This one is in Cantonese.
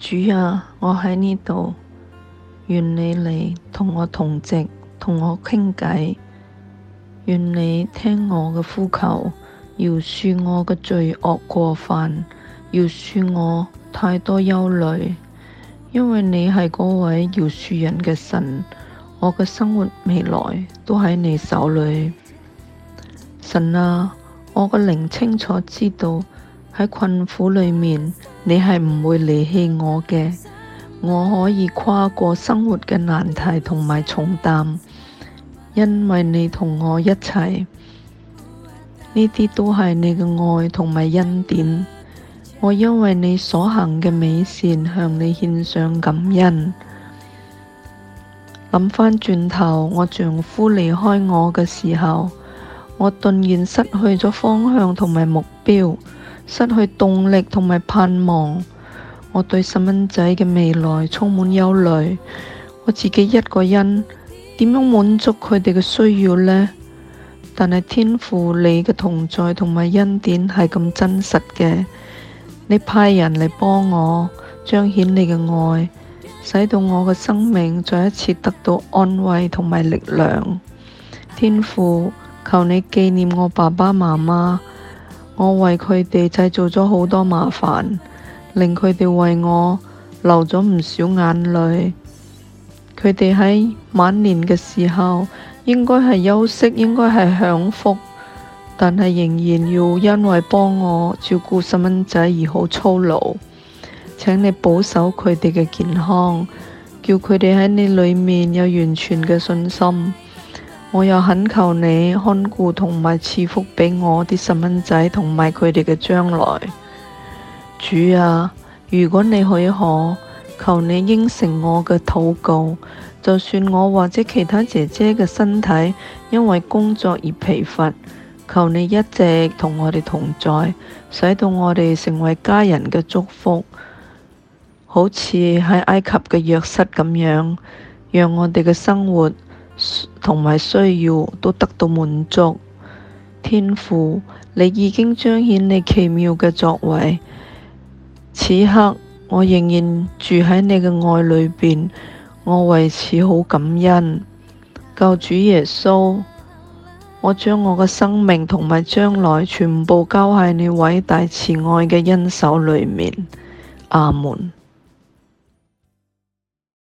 主啊，我喺呢度，願你嚟同我同席，同我傾偈，願你聽我嘅呼求，饒恕我嘅罪惡過犯，饒恕我太多憂慮，因為你係嗰位饒恕人嘅神，我嘅生活未來都喺你手裏。神啊，我嘅靈清楚知道。喺困苦裏面，你係唔會離棄我嘅。我可以跨過生活嘅難題同埋重擔，因為你同我一齊。呢啲都係你嘅愛同埋恩典。我因為你所行嘅美善，向你獻上感恩。諗返轉頭，我丈夫離開我嘅時候，我頓然失去咗方向同埋目標。失去動力同埋盼望，我對細蚊仔嘅未來充滿憂慮。我自己一個人，點樣滿足佢哋嘅需要呢？但係天父，你嘅同在同埋恩典係咁真實嘅。你派人嚟幫我，彰顯你嘅愛，使到我嘅生命再一次得到安慰同埋力量。天父，求你紀念我爸爸媽媽。我為佢哋製造咗好多麻煩，令佢哋為我流咗唔少眼淚。佢哋喺晚年嘅時候，應該係休息，應該係享福，但係仍然要因為幫我照顧細蚊仔而好操勞。請你保守佢哋嘅健康，叫佢哋喺你裏面有完全嘅信心。我又懇求你看顧同埋賜福畀我啲細蚊仔同埋佢哋嘅將來，主啊，如果你許可，可，求你應承我嘅禱告，就算我或者其他姐姐嘅身體因為工作而疲乏，求你一直同我哋同在，使到我哋成為家人嘅祝福，好似喺埃及嘅約瑟咁樣，讓我哋嘅生活同埋需要都得到滿足，天父，你已經彰顯你奇妙嘅作為。此刻我仍然住喺你嘅愛裏邊，我為此好感恩。救主耶穌，我將我嘅生命同埋將來全部交喺你偉大慈愛嘅恩手裏面。阿門。